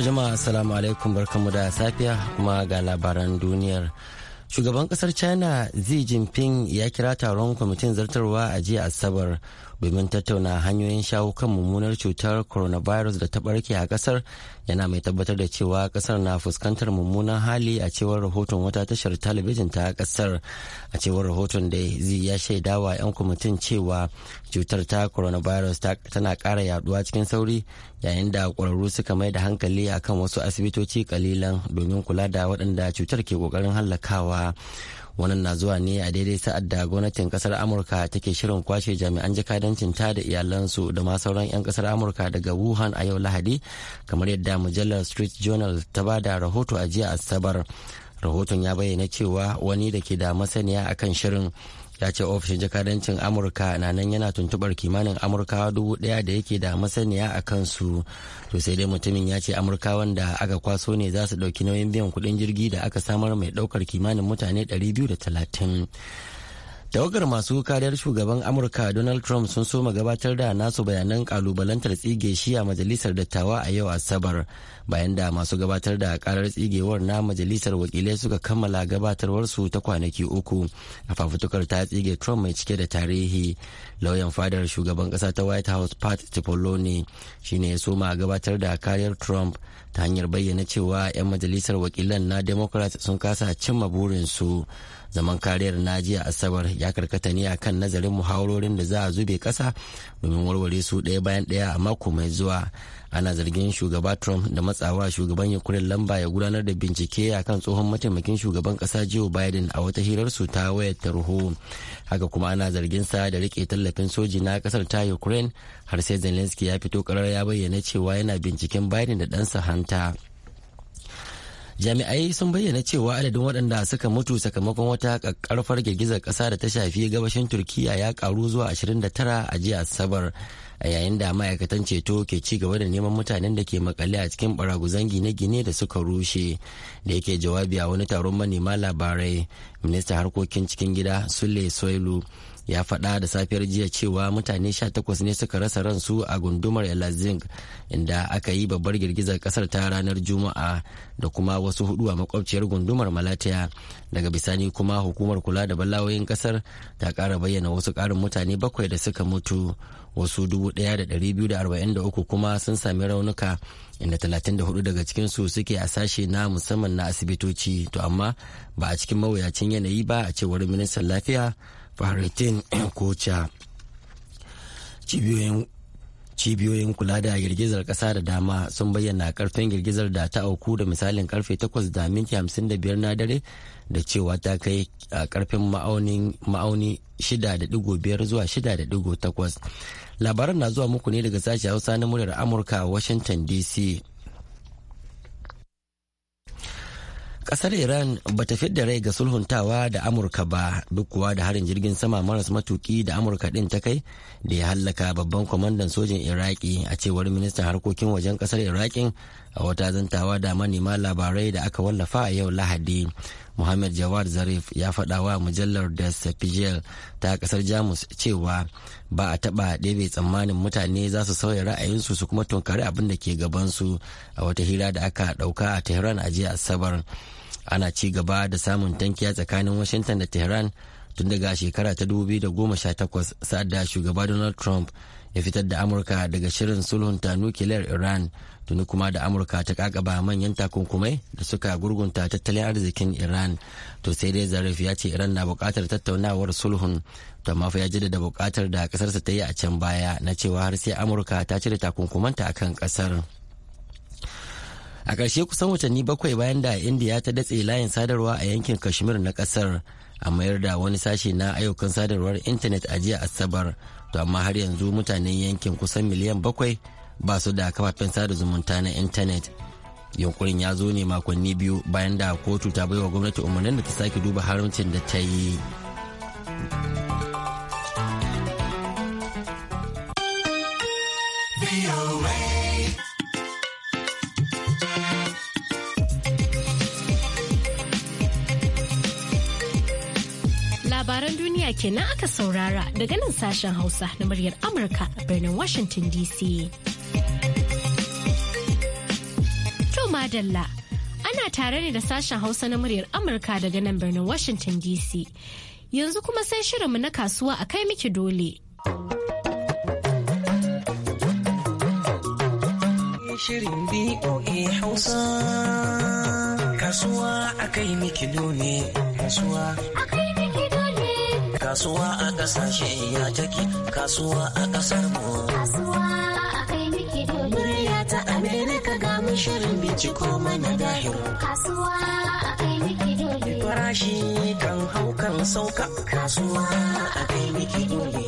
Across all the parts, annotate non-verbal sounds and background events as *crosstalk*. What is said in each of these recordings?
To jama'a assalamu alaikum barkamu da safiya kuma ga labaran duniyar. Shugaban kasar China Xi Jinping ya kira taron kwamitin zartarwa a jiya Asabar domin tattauna hanyoyin shawo kan mummunar cutar coronavirus da ta barke a kasar yana mai tabbatar da cewa kasar na fuskantar mummunan hali a cewar rahoton wata tashar talabijin ta kasar a cewar rahoton da zai ya shaida wa 'yan kwamitin cewa cutar ta coronavirus tana kara yaduwa cikin sauri yayin da kwararru suka mai da hankali akan wasu asibitoci kalilan domin kula da waɗanda cutar ke ƙoƙarin hallakawa wannan na zuwa ne a daidai sa'ad da gwamnatin kasar amurka take shirin kwashe jami'an jakadancin ta da iyalansu da ma sauran 'yan kasar amurka daga wuhan a yau lahadi kamar yadda mujallar street journal ta ba da rahoto a jiya asabar rahoton ya bayyana cewa wani da ke da masaniya akan shirin ya ce ofishin jakadancin amurka na nan yana tuntubar kimanin amurkawa dubu daya da yake da masaniya a kansu to sai dai mutumin ya ce amurka da aka kwaso ne za su ɗauki nauyin biyan kuɗin jirgi da aka samar mai ɗaukar kimanin mutane 230 tawagar masu kariyar shugaban amurka donald trump sun soma gabatar da nasu bayanan kalubalantar tsige shi a majalisar dattawa a yau asabar bayan da masu gabatar da karar tsigewar na majalisar wakilai suka kammala gabatarwarsu ta kwanaki uku a fafutukar ta tsige trump mai cike da tarihi lauyan fadar shugaban kasa ta white house pat cipollone shine ya soma gabatar da kariyar trump ta hanyar bayyana cewa 'yan majalisar wakilan na democrat sun kasa cimma burinsu zaman kariyar na jiya asabar ya karkata ne akan nazarin muhawarorin da za a zube kasa domin warware su ɗaya bayan ɗaya a mako mai zuwa ana zargin shugaba trump da watsawa shugaban ukraine lamba ya gudanar da bincike a kan tsohon mataimakin shugaban kasa joe biden a wata hirarsu ta wayar tarho haka kuma ana zargin sa da rike tallafin soji na kasar ta ukraine har sai zelensky ya fito karar ya bayyana cewa yana binciken biden da ɗansa hanta jami'ai sun bayyana cewa adadin waɗanda suka mutu sakamakon wata ƙarfar girgizar ƙasa da ta shafi gabashin turkiya ya karu zuwa 29 a jiya asabar a yayin da ma'aikatan ceto ke ci gaba da neman mutanen da ke makale a cikin baraguzan gine-gine da suka rushe da yake jawabi a wani taron manema labarai minista harkokin cikin gida sule soilu ya faɗa da safiyar jiya cewa mutane 18 ne suka rasa ransu a gundumar elazing inda aka yi babbar girgizar kasar ta ranar juma'a da kuma wasu hudu a makwabciyar gundumar malataya daga bisani kuma hukumar kula da balawoyin kasar ta kara bayyana wasu karin mutane bakwai da suka mutu wasu 1,243 kuma sun sami raunuka inda 34 daga cikin su suke a sashe na musamman na asibitoci to amma ba a cikin mawuyacin yanayi ba a cewar ministan lafiya faritin kocha cibiyoyin cibiyoyin kula da girgizar kasa da dama sun bayyana karfin girgizar da ta auku da misalin karfe 8 da minti 55 na dare da cewa ta kai a karfin ma'auni 6.5 zuwa 6.8 labaran na zuwa muku ne daga sashi hausa na muryar amurka a washington dc kasar iran ba ta fidda rai ga sulhuntawa da amurka ba duk kuwa da harin jirgin sama maras matuki da amurka din ta kai da ya hallaka babban kwamandan sojin iraki a cewar ministan harkokin wajen kasar irakin a wata zantawa da manema labarai da aka wallafa a yau lahadi muhammad jawad zarif ya faɗa wa mujallar da sapigel ta kasar jamus cewa ba a taɓa ɗebe tsammanin mutane za su sauya ra'ayinsu su kuma tunkari abin da ke gabansu a wata hira da aka ɗauka a tehran a jiya asabar ana ci gaba da samun tankiya tsakanin washington da tehran tun daga shekara ta 2018 sa'ad da shugaba donald trump ya fitar da amurka daga shirin sulhunta nukiliyar iran tuni kuma da amurka ta kakaba manyan takunkumai da suka gurgunta tattalin arzikin iran to sai dai zarif ya ce iran na bukatar tattaunawar sulhun to amma ya jaddada bukatar da kasarsa ta yi a can baya na cewa har sai amurka ta cire takunkumanta akan kasar. a ƙarshe kusan watanni bakwai bayan da indiya ta datse layin sadarwa a yankin kashmir na ƙasar a mayar da wani sashe na ayyukan sadarwar intanet a jiya asabar to amma har yanzu mutanen yankin kusan miliyan bakwai ba su da kafafen sada zumunta na intanet yunkurin ya zo ne makonni biyu bayan da kotu ta baiwa gwamnati umarnin da ta sake duba haramcin da ta yi kenan aka saurara daga nan sashen Hausa na muryar Amurka a birnin Washington DC. To madalla ana tare ne da sashen Hausa na muryar Amurka daga nan birnin Washington DC. Yanzu kuma sai shirinmu na kasuwa a kai miki dole. Shirin BOA Hausa kasuwa a kai miki dole kasuwa a kai kasuwa a kasashe ya take kasuwa a kasar mu kasuwa a kai nake murya ta amerika ga mu shirin binciko mana dahiru kasuwa a kai farashi kan hau kan sauka kasuwa a kai miki dole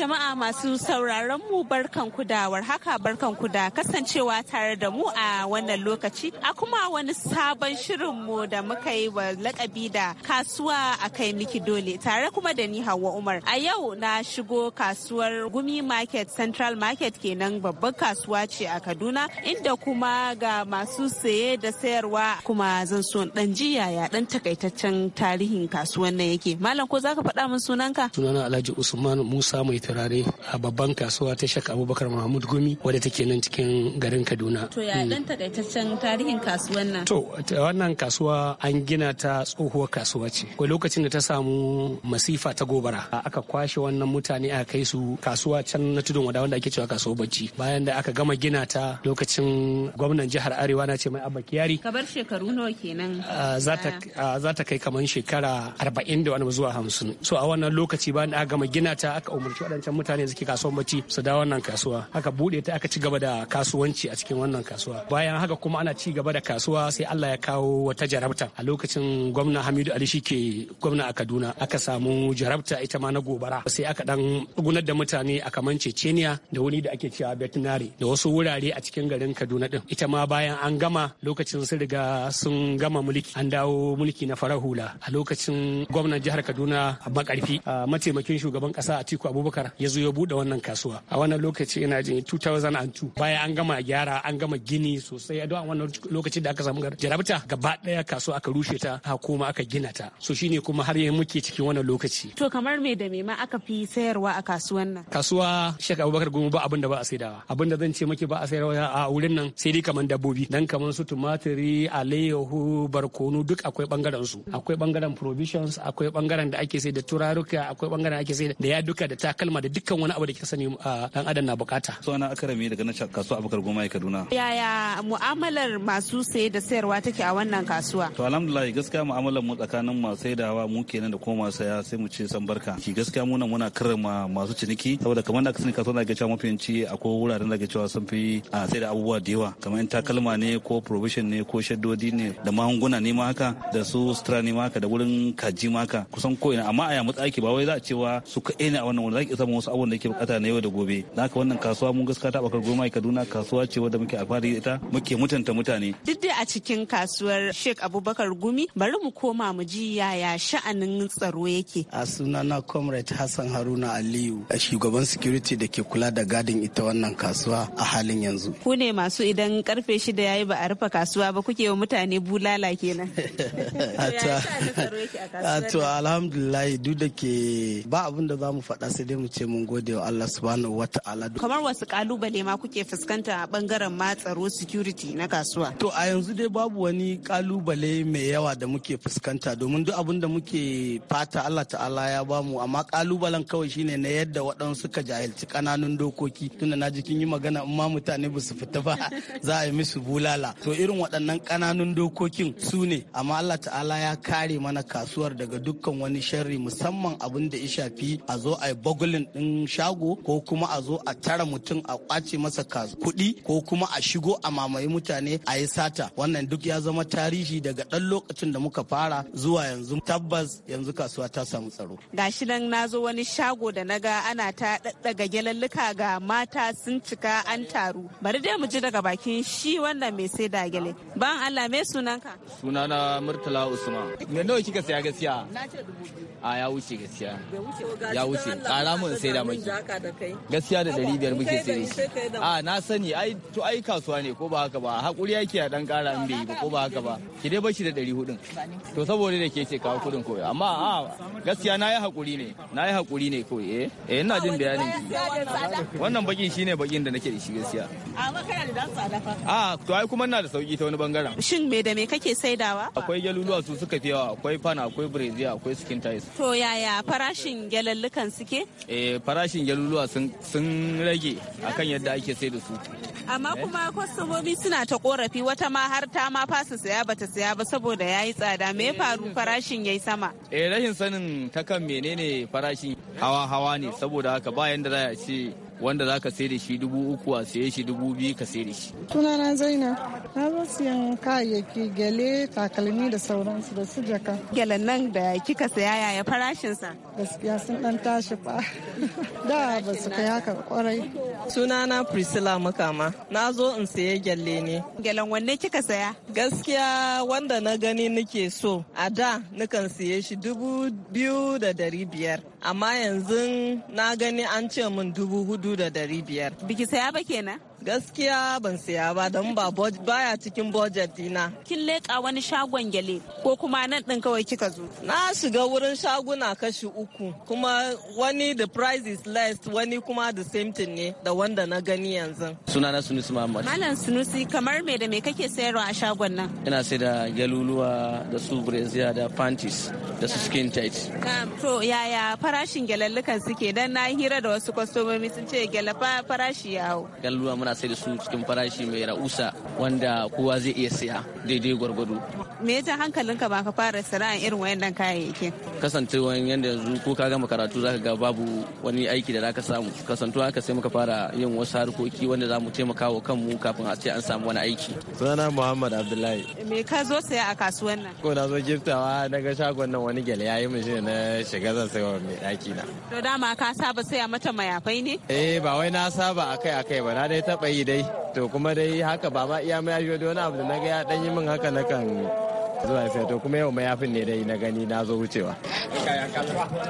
jama'a masu sauraron mu barkan ku da warhaka barkan ku da kasancewa tare da mu a wannan lokaci a kuma wani sabon shirin mu da muka yi wa lakabi da kasuwa a kai miki dole tare kuma da ni Hauwa Umar a yau na shigo kasuwar Gumi Market Central Market kenan babbar kasuwa ce a Kaduna inda kuma ga masu saye da sayarwa kuma zan so dan jiya ya dan takaitaccen tarihin kasuwan nan yake malam ko zaka faɗa min sunanka sunana Alhaji Usman Musa mai turare a babban kasuwa ta shak abubakar mahmud gumi wadda take nan cikin garin kaduna to ya dan mm. takaitaccen tarihin kasuwan nan to wannan kasuwa an gina ta tsohuwar kasuwa ce ko lokacin da ta samu masifa ta gobara aka kwashe wannan mutane a kai su kasuwa can na tudun wada wanda ake cewa kasuwar bacci bayan da aka gama gina ta lokacin gwamnan jihar arewa na ce mai abba kiyari kabar shekaru nawa kenan za ta kai kamar shekara arba'in da wani zuwa hamsin so a wannan lokaci bayan da aka gama gina ta aka umarci waɗancan mutane suke kasuwar mace su dawo wannan kasuwa haka buɗe ta aka ci gaba da kasuwanci a cikin wannan kasuwa bayan haka kuma ana ci gaba da kasuwa sai Allah ya kawo wata jarabta a lokacin gwamna Hamidu Ali shike gwamna a Kaduna aka samu jarabta ita ma na gobara sai aka dan gunar da mutane a kaman Ceceniya da wani da ake cewa Betnari da wasu wurare a cikin garin Kaduna din ita ma bayan an gama lokacin sun riga sun gama mulki an dawo mulki na farar hula a lokacin gwamnan jihar Kaduna a makarfi mataimakin shugaban kasa Atiku Abubakar abubakar ya zo ya buɗe wannan kasuwa a wannan lokaci ina jin 2002 baya an gama gyara an gama gini sosai a wannan lokaci da aka samu jarabta gaba daya kasuwa aka rushe ta ha kuma aka gina ta so shine kuma har yanzu muke cikin wannan lokaci to kamar me da me ma aka fi sayarwa a kasuwan nan kasuwa Sheikh abubakar gumu ba abin da ba a saidawa abin da zan ce muke ba a sayarwa a wurin nan sai dai kamar dabbobi dan kamar su tumatiri alayyahu barkono duk akwai bangaren su akwai bangaren provisions akwai bangaren da ake sai da turaruka akwai bangaren ake sai da yaduka da takalma kalma da dukkan wani abu da kika sani ah, dan adam na bukata suna akarami daga nasha kasuwa abubakar goma kaduna yaya mu'amalar masu saye da sayarwa take a wannan kasuwa to alhamdulillah gaskiya mu'amalar mu tsakanin masu saidawa mu kenan da ko masu saya sai mu ce san barka ki gaskiya mu nan muna karrama masu ciniki saboda kamar da sani kasuwa na ga cewa yanci akwai wuraren da ga cewa sun fi a ah, sai da abubuwa da yawa kamar takalma ne ko provision ne ko shaddodi ne da magunguna ne ma haka da su sutura ne ma haka da wurin kaji ma haka kusan ko ina amma a yamu tsaki ba wai za a cewa su kaɗai ne a wannan wurin samun wasu abubuwan da yake bukata na yau da gobe na haka wannan kasuwa mun gaskata ta bakar goma kaduna kasuwa ce wadda muke alfahari ita muke mutunta mutane duk dai a cikin kasuwar Sheikh abubakar gumi bari mu koma mu ji yaya sha'anin tsaro yake a sunana comrade hassan haruna aliyu A shugaban security da ke kula da gadin ita wannan kasuwa a halin yanzu ku ne masu idan karfe shida yayi ba a rufe kasuwa ba kuke wa mutane bulala kenan *laughs* to alhamdulillah duk da ke ba abin da za mu faɗa sai dai mu ce mun gode wa Allah subhanahu wa ta'ala. Kamar wasu kalubale ma kuke fuskanta a bangaren matsaro tsaro security na kasuwa. To a yanzu dai babu wani kalubale mai yawa da muke fuskanta domin duk abin da muke fata Allah ta'ala ya bamu amma kalubalen kawai shine na yadda waɗansu suka jahilci kananun dokoki tunda na jikin yi magana in ma mutane ba su fita ba *laughs* za a yi musu bulala. To irin waɗannan kananan dokokin su ne amma Allah ta'ala ya kare mana kasuwar daga dukkan wani sharri musamman abin da ya shafi a zo a yi kwamin ɗin shago ko kuma a zo a tara mutum a kwace masa kuɗi ko kuma a shigo a mamaye mutane a yi sata wannan duk ya zama tarihi daga ɗan lokacin da muka fara zuwa yanzu tabbas yanzu kasuwa ta samu tsaro. Gashi nan na zo wani shago da na ga ana ta daga gyalallika ga mata sun cika an taru. Bari dai mu ji daga bakin shi wannan mai sai da gyale. Ban Allah me sunanka? Sunana Murtala Usman. Me nawa kika saya gaskiya? Na ce dubu biyu. A ah, ya wuce gaskiya. Ya wuce. Ƙara mu ban sai da maki gaskiya da ɗari biyar muke sai a na sani ai to ai kasuwa ne ko ba haka ba hakuri yake a dan ƙara an bai ko ba haka ba ki dai bashi da ɗari hudun to saboda da ke ce kawo kudin koyo amma a gaskiya na yi hakuri ne na yi hakuri ne ko eh. eh ina jin bayanin ki wannan bakin shine bakin da nake da shi gaskiya a makana da dan tsada fa a to ai kuma ina da sauki ta wani bangaren shin me da me kake saidawa akwai galuluwa su suka fi yawa akwai fana akwai brazil akwai skin ties to yaya farashin galallukan suke eh Eh, farashin galuluwa sun rage akan yadda ake sai da su amma eh? kuma kwastomomi suna ta korafi wata ma har ta ma fasa saya bata saya ba saboda ya yi tsada me faru eh. farashin ya yi sama eh rashin sanin ta kan menene farashin hawa hawa ne saboda haka ba yanda za a ce wanda za ka sayar da shi dubu uku a saye shi dubu biyu ka sayar da shi. Sunana Zainab, na zo siyan kayayyaki gele takalmi da sauransu da su jaka. Gyalen nan da kika saya yaya farashinsa? Gaskiya sun dan tashi fa. Da ba su kai haka kwarai. Sunana Priscilla Makama, na zo in saye gele ne. Gyalen wanne kika saya? Gaskiya wanda na gani nake so, a da nukan siye shi dubu biyu da dari biyar, amma yanzu na gani an ce min dubu hudu dubu da dari biyar. Biki saya ba kenan? Gaskiya ban siya ba don ba baya cikin budget dina. Kin leƙa wani shagon gyale ko kuma nan ɗin kawai kika zo? Na shiga wurin shaguna kashi uku kuma wani the price is less wani kuma the same thing ne da wanda na gani yanzu. Sunana Sunusi Muhammad. Malam Sunusi kamar me da me kake sayarwa a shagon nan? Ina sai da galuluwa da su brazier da panties da su skin tight. To yaya farashin gyalallukan suke dan na hira da wasu kwastomomi sun ce gyalafa farashi yawo. Galuluwa muna muna sai da su cikin farashi mai rausa wanda kowa zai iya siya daidai gwargwado. Me yasa hankalinka ba ka fara sana'a irin wayannan kayayyakin? Kasancewan yanda yanzu ko ka gama karatu zaka ga babu wani aiki da zaka samu. Kasantuwa haka sai muka fara yin wasu harkoki wanda za mu taimaka wa kanmu kafin a ce an samu wani aiki. Sunana Muhammad Abdullahi. Me ka zo saya a kasuwan nan? Ko na zo giftawa na ga shagon nan wani gyale yayi min shi na shiga zan sayo mai daki na. To dama ka saba saya mata mayafai ne? Eh ba wai na saba akai akai ba na dai ta taɓa yi dai to kuma dai haka ba ma iya mayafi da wani abu da na ga ya ɗan yi min haka na kan zuwa fiye to kuma yau mayafin ne dai na gani na zo wucewa.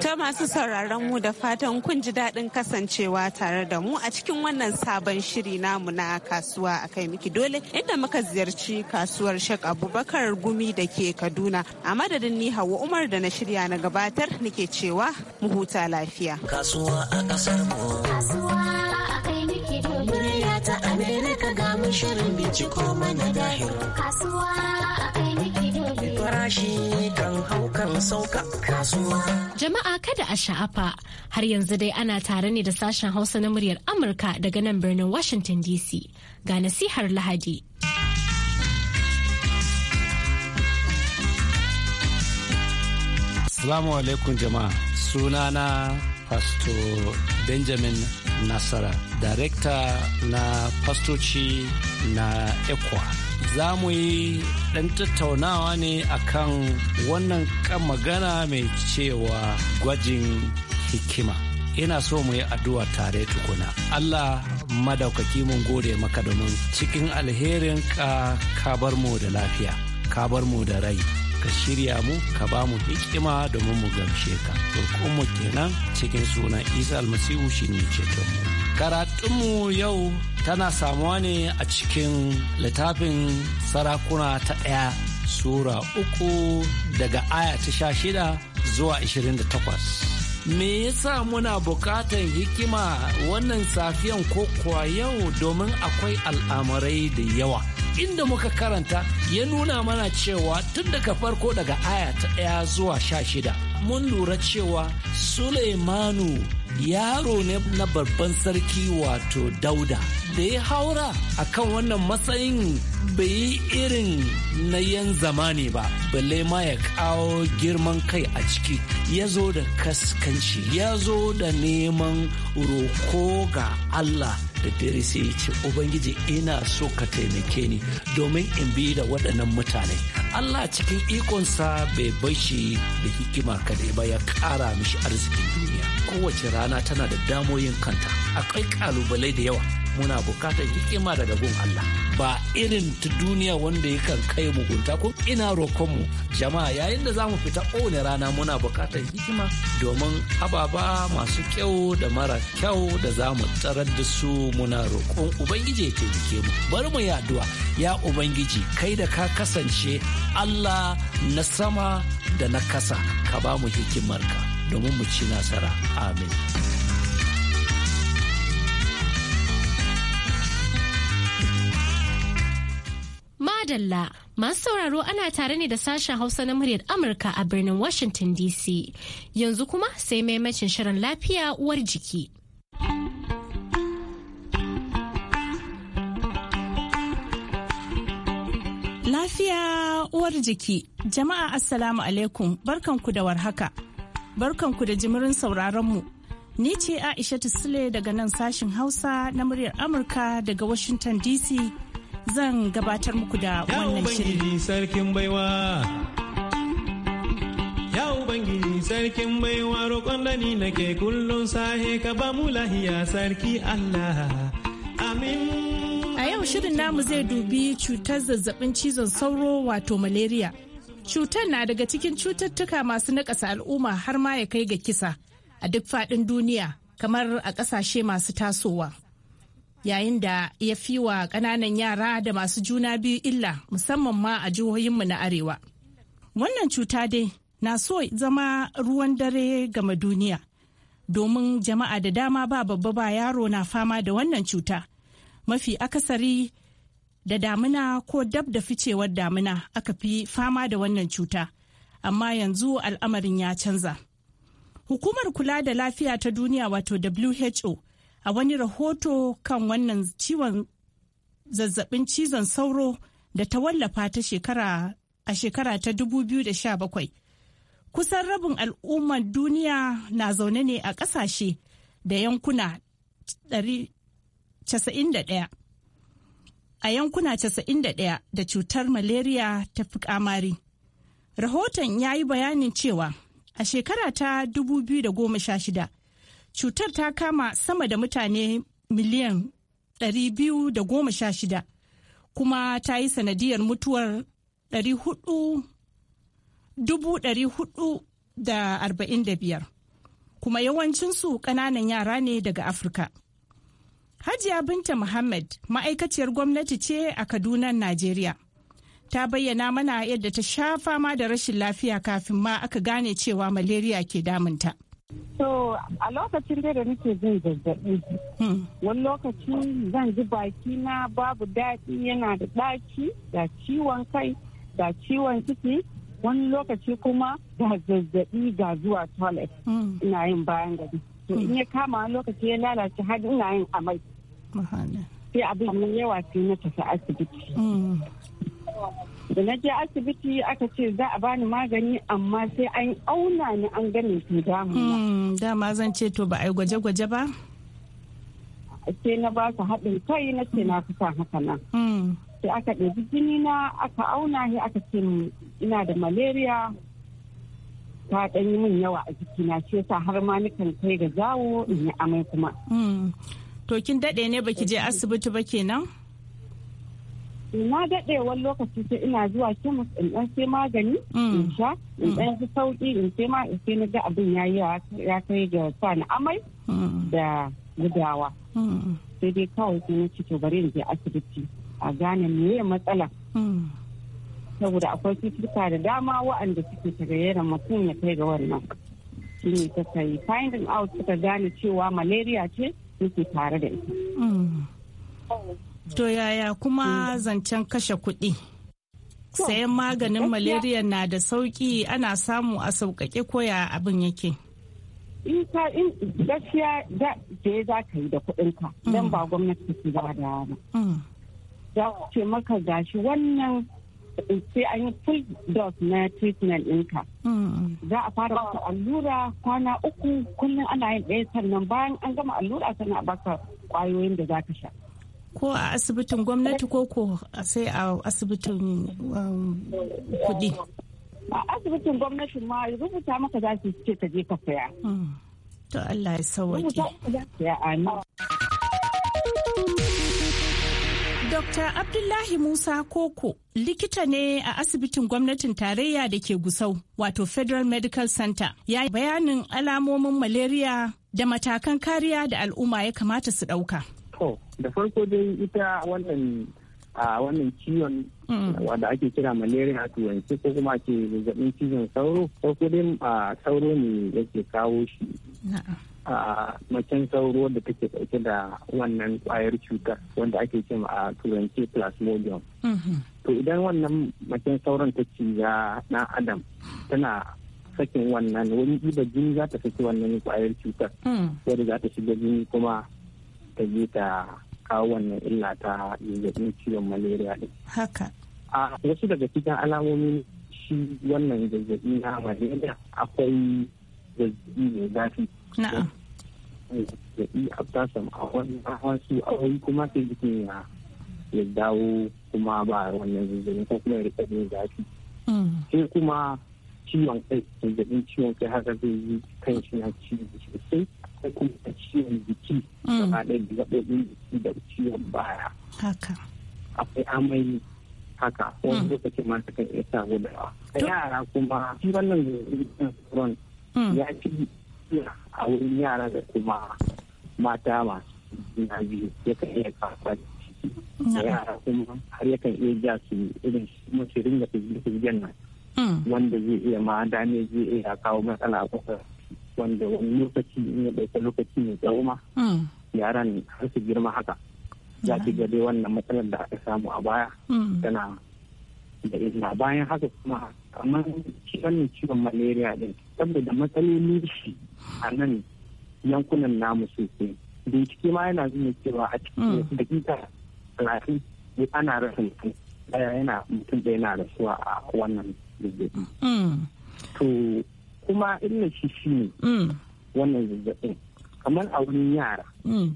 Ta masu sauraron mu da fatan kun ji daɗin kasancewa tare da mu a cikin wannan sabon shiri namu na kasuwa a kai miki dole inda muka ziyarci kasuwar Sheikh Abubakar Gumi da ke Kaduna a madadin ni Hauwa Umar da na shirya na gabatar nake cewa mu huta lafiya. Kasuwa a kasar mu. Kasuwa. ta Amerika ga mu shirin binciko mana dahir. Kasuwa kasuwa. Jama'a kada a sha'afa har yanzu dai ana tare ne da sashen Hausa na muryar Amurka daga nan birnin Washington DC ga nasihar Lahadi. Assalamu alaikum jama'a sunana Pastor Benjamin Nasara. darekta na fastoci na ekwa za mu yi ɗan tattaunawa ne akan wannan kan magana mai cewa gwajin hikima ina so mu yi addu'a tare tukuna allah madaukaki mun gode maka domin cikin alherin ka bar mu da lafiya ka bar mu da rai ka shirya mu ka ba mu hikima domin mu gamshe ka mu kenan cikin suna isa almasihu shi ne mu karatunmu yau tana samuwa ne a cikin littafin sarakuna ta ɗaya sura uku daga aya ta sha shida zuwa ashirin da takwas Me yasa muna bukatan hikima wannan safiyan ko yau domin akwai al'amarai da yawa inda muka karanta ya nuna mana cewa tun daga farko daga aya ta ɗaya zuwa sha shida mun lura cewa Suleimanu yaro ne na babban sarki wato dauda da ya haura A kan wannan matsayin bai yi irin na yan zamani ba balle ma ya kawo girman kai a ciki ya zo da kaskanci ya zo da neman roko ga allah da dare sai ya ce ubangiji ina so ka taimake ni domin in bi da waɗannan mutane Allah cikin ikonsa bai bashi da hikima kadai ba ya ƙara mishi arzikin duniya kowace rana tana da damoyin kanta akwai ƙalubale da yawa muna bukatar hikima daga gun Allah ba irin ta duniya wanda yakan kai mugunta ko ina rokonmu jama'a yayin da za mu fita kowane rana muna bukatar hikima domin ababa masu kyau da mara kyau da zamu mu tsarar da su muna rokon ubangiji ya taimake mu bari mu yi addu'a ya ubangiji kai da ka kasance Allah na sama da na kasa ka ba mu hikimarka domin mu ci nasara amin madalla masu sauraro ana tare ne da sashen hausa na muryar amurka a birnin washington dc yanzu kuma sai maimacin shirin lafiya uwar jiki lafiya uwar jiki jama'a assalamu alaikum barkanku da warhaka barkanku da jimirin sauraronmu ni ce aisha sule daga nan sashen hausa na muryar amurka daga washington dc zan gabatar muku da wannan shirin. sarkin baiwa. sarkin baiwa roƙon da ni nake kullum sahe ka ba mu lahiya sarki Allah. Amin. A yau shirin namu zai dubi cutar zazzabin cizon sauro wato malaria. Cutar na daga cikin cututtuka masu nakasa al'umma har ma ya kai ga kisa a duk faɗin duniya kamar a ƙasashe masu tasowa. yayin da ya fi wa ƙananan yara da masu juna biyu illa musamman ma a jihohinmu na arewa. Wannan cuta dai na so zama ruwan dare gama duniya domin jama'a da dama ba babba ba yaro na fama da wannan cuta. Mafi akasari da damina ko dab da ficewar damina aka fi fama da wannan cuta, amma yanzu al'amarin ya canza. Hukumar kula da lafiya ta duniya wato WHO a wani rahoto kan wannan ciwon zazzabin cizon sauro da ta wallafa ta shekara a shekara ta 2017 kusan rabin al'ummar duniya na zaune ne a ƙasashe da yankuna 91 a yankuna 91 da cutar malaria ta fi kamari rahoton ya yi bayanin cewa a shekara ta 2016 cutar ta kama sama da mutane miliyan 216 kuma ta yi sanadiyar mutuwar da da arba'in biyar. kuma yawancinsu ƙananan yara ne daga afirka hajiya binta muhammad ma'aikaciyar gwamnati ce a kaduna najeriya ta bayyana mana yadda ta sha fama da rashin lafiya kafin ma aka gane cewa malaria ke damunta. So a lokacin dai da nake jin zazzaɓi. Hmm. Wani lokaci zan ji baki na babu daɗi yana da ɗaci da ciwon kai da ciwon ciki wani lokaci kuma da zazzaɓi ga zuwa toilet hmm. ina yin bayan gari. To hmm. in ya kama wani lokaci ya lalace har ina yin amai. Sai abin yawa sai na tafi asibiti. da na je asibiti aka ce za a bani magani amma sai an auna ni an gane su damu hmm, dama zan ce to ba a yi gwaje-gwaje ba sai na ba su haɗin kai na ce na fi haka nan hmm. sai aka ɗabi jini na aka auna shi aka ce ina da malaria ta ɗan yi min yawa a jikina shi sa har ma nikan kai ga zawo in yi amai kuma hmm. to kin daɗe ne baki je asibiti ba kenan? na daɗe wani lokaci sai ina zuwa kemis in ɗan sai magani mm. in sha in mm. ɗan fi sauƙi in sai ma in sai na ga abin ya yi ya kai ga sa na amai mm. da gudawa sai dai kawai sai na ci to bari in asibiti a gane me ya matsala saboda akwai cututtuka da dama waɗanda suke tagayyara mutum ya kai ga wannan ne ta kai finding out suka gane cewa malaria ce nake tare da ita To yaya kuma mm. zancen kashe kuɗi? Sayan maganin malaria na da sauƙi ana samu a sauƙaƙe koya abin yake. in ka in gaskiya da je za ka yi da kuɗinka mm. don ba gwamnati su ba da ba. Mm. Za ku ce maka gashi wannan sai an yi full dose na treatment ɗinka. Za a fara baka allura kwana uku kullum ana yin ɗaya sannan bayan an gama allura sannan a baka ƙwayoyin da za ka sha. ko a asibitin gwamnati ko ko sai a asibitin um, kuɗi a asibitin gwamnati ma rubuta maka za su ce ka je ka saya hmm. to Allah ya sauwaƙe Dr. Abdullahi Musa Koko likita ne a asibitin gwamnatin tarayya da ke Gusau wato Federal Medical Center ya bayanin alamomin malaria da matakan kariya da al'umma ya kamata su ɗauka. To, da farko dai ita wannan a wannan ciwon mm. wanda ake kira malaria a turanci ko kuma ke zazzabin cizon sauro farko dai a sauro ne yake kawo shi a macen sauro da take dauke da wannan kwayar cutar wanda ake ce a turanci plasmodium mm-hmm. to idan wannan macen sauron ta ciza na adam tana sakin wannan wani iba jini za ta saki wannan kwayar cutar mm. wanda za ta shiga jini kuma ta je ta kawo wannan illa ta zazzabin ciwon malaria din. Haka. A wasu daga cikin alamomi shi wannan zazzabi na malaria akwai zazzabi mai zafi. Na'am. a tasam a wannan su a wani kuma sai jikin ya ya dawo kuma ba wannan zazzabi ko kuma ya rika zafi. Mm. Sai kuma ciwon kai zazzabin ciwon kai haka zai yi kan shi na ciwo sosai ko kuma a ciwon jiki gaba ɗaya gaɓoɓin jiki da ciwon baya haka akwai amai haka wani mm. lokacin ma ta kan iya sa gudawa a yara kuma shi wannan zazzabin mm. ya fi a wurin yara da kuma mata masu juna biyu ya kan iya kasuwa da yara kuma har yakan iya ja su irin su ringa fizgin nan wanda zai iya ma zai iya kawo matsala a kusa wanda wani lokaci in ya dauka lokaci mai tsawo ma yaran har su girma haka za ki wannan matsalar da aka samu a baya tana da izina bayan haka kuma kamar shi wannan ciwon malaria din saboda matsaloli shi a nan yankunan namu sosai bincike ma yana zuwa cewa a cikin mm. dakika talatin ana rasa mutum daya yana mutum ɗaya na rasuwa a wannan zazzabi mm. to kuma illa shi shi ne mm. wannan zazzabin kamar a wani yara mm.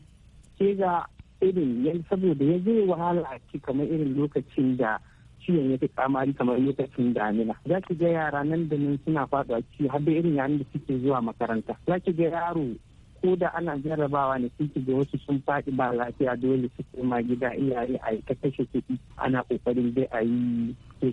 ke ga irin saboda ya zai wahala a ci kamar irin lokacin da ciwon ya fi kamari kamar lokacin damina za ki ga yara nan da nan suna faɗo a ciki har da irin yaran da suke zuwa makaranta za ki ga yaro ko da ana jarrabawa ne sun da wasu sun faɗi ba lafiya dole su koma gida iyaye a ta kashe kuɗi ana ƙoƙarin dai a yi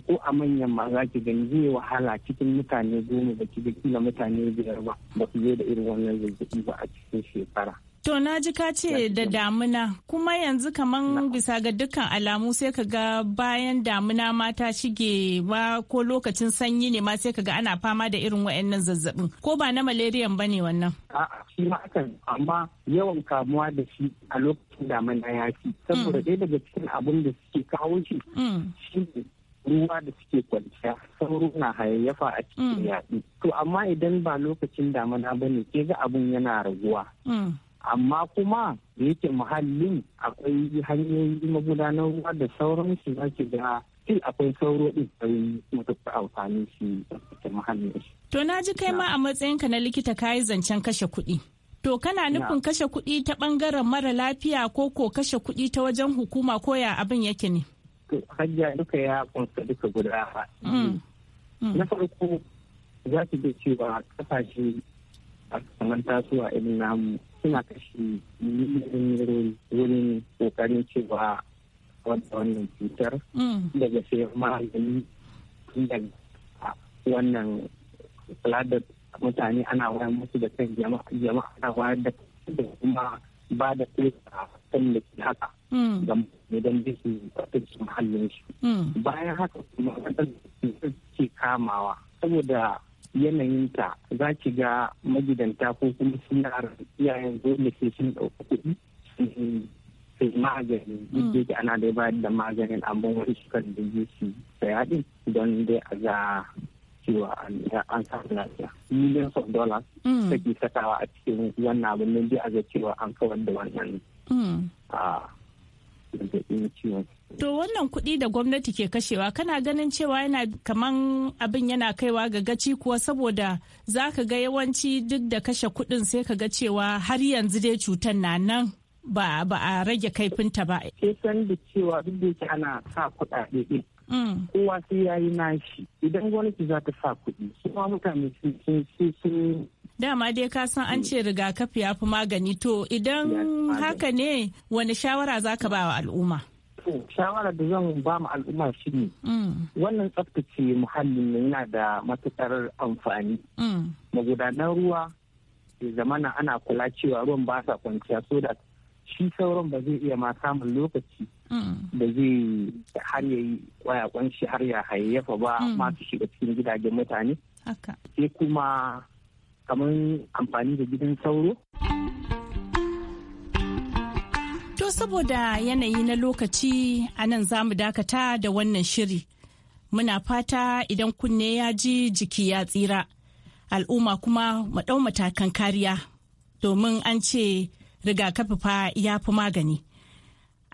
ko a manyan ma za ki gani zai wahala cikin mutane goma ba ki kila mutane biyar ba ba su da irin wannan zazzaɓi ba a cikin shekara. To na ji ka ce da damuna kuma yanzu kaman bisa ga dukkan alamu sai ka ga bayan damuna ma ta shige ba ko lokacin sanyi ne ma sai ka ga ana fama da irin wa'annan zazzabin ko ba na malariyan ba ne wannan. A'a shi ma hakan amma yawan kamuwa da shi a lokacin damuna ya fi mm. saboda ɗaya daga cikin abin da suke kawo shi mm. shi ruwa da suke kwanciya sauro na hayayyafa a cikin mm. yaɗi. To amma idan ba lokacin damuna ba ne ke ga abin yana raguwa. amma kuma yake muhallin akwai hanyoyi magudanar ruwa da sauransu za ki ga still akwai sauro din sai mutum amfani shi muhallin shi. To na ji kai ma a matsayinka na likita kayi zancen kashe kuɗi. To kana nufin kashe kuɗi ta ɓangaren mara lafiya ko ko kashe kuɗi ta wajen hukuma ko ya abin yake ne? Hajja duka ya kunsa duka guda mm. Na farko za ki ga cewa kasashe kamar tasowa irin namu suna kashe miliyan yaron wurin kokarin cewa wadda wannan cutar mm. daga sayan magani daga wannan kula mutane ana wayar musu da kan jama'a ana wayar da da kuma ba da a kan da ke haka mm. ga idan da su kwatanci muhallin shi mm. bayan haka kuma wadda ke kamawa saboda yanayinta za ki ga magidanta ko kuma suna iyayen dole ke sun ɗauka kuɗi sai magani duk hmm. yake ana dai bayar da maganin amma wani sukan da yi su saya don dai a ga cewa an samu lafiya millions of dollars hmm. take sakawa a cikin wannan abin da dai a ga cewa an kawar da wannan hmm. ah, To wannan kuɗi da gwamnati ke kashewa kana ganin cewa yana kaman abin yana kaiwa ga gaci kuwa saboda za ka ga yawanci duk da kashe kuɗin sai ka ga cewa har yanzu dai cutar na nan ba a rage kaifinta ba. Ke san da cewa duk da yake ana sa kuɗaɗe mm. kowa sai ya yi nashi idan gwamnati za ta sa kuɗi kuma mutane sun sun dama dai ka san an ce rigakafi ya fi magani to idan haka ne wani shawara za ka ba wa al'umma shawara da zan ba mu al'umma shi ne mm. wannan tsaftace muhallin yana da matuƙar amfani mm. magudanar ruwa da zamana ana kula cewa ruwan ba sa kwanciya so da shi sauran ba zai iya ma samun lokaci mm. da zai har ya yi kwayakwan har ya hayayyafa ba masu shiga cikin gidajen mutane sai kuma kamar amfani da gidan sauro. To saboda yanayi na lokaci a nan za mu dakata da wannan shiri. Muna fata idan kunne ya ji jiki ya tsira. Al'umma kuma mu ɗau matakan kariya domin an ce rigakafi fa ya fi magani.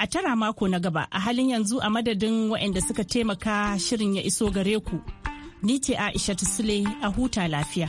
A tara mako na gaba a halin yanzu a madadin waɗanda suka taimaka shirin ya iso gare ku. Ni ce Aisha ta Sule a huta lafiya.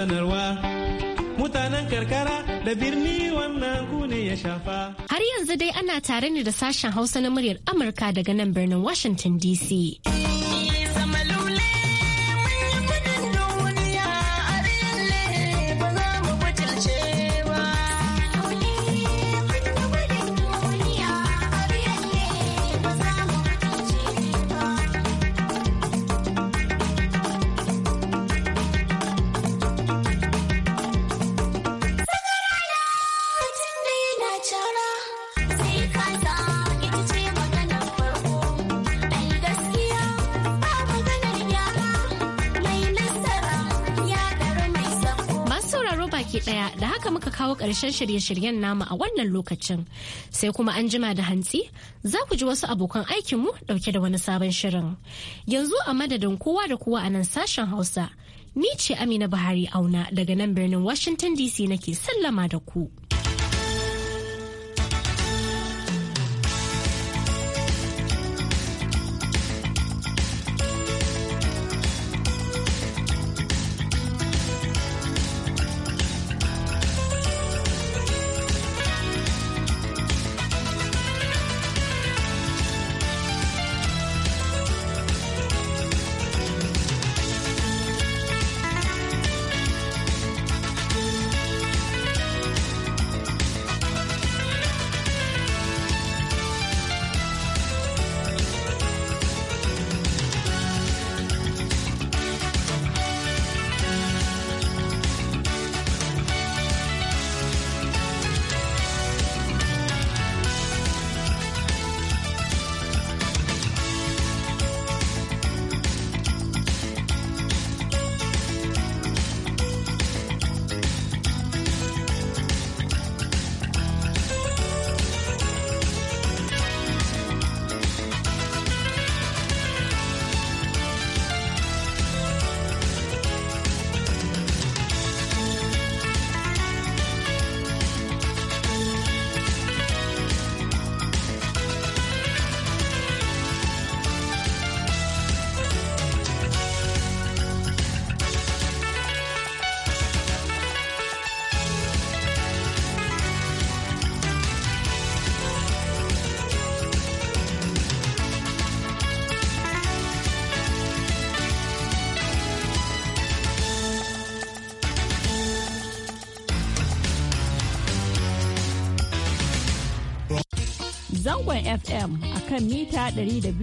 sanarwa mutanen karkara da birni wannan ku ne ya shafa. Har yanzu dai ana tare ne da sashen Hausa na muryar Amurka daga nan birnin Washington DC. karshen shirye-shiryen namu a wannan lokacin. Sai kuma an jima da hantsi za ku ji wasu abokan aikinmu dauke da wani sabon shirin. Yanzu a madadin kowa da kowa a nan sashen Hausa, ni ce Amina Buhari Auna daga nan birnin Washington DC nake sallama da ku. FM a kan mita 200